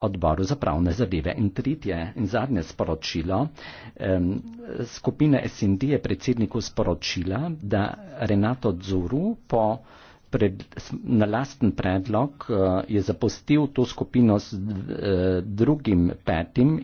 odboru za pravne zadeve. In tretje in zadnje sporočilo. Skupina SND je predsedniku sporočila, da Renato Zuru po pred, na lasten predlog eh, je zapustil to skupino s eh, drugim petim.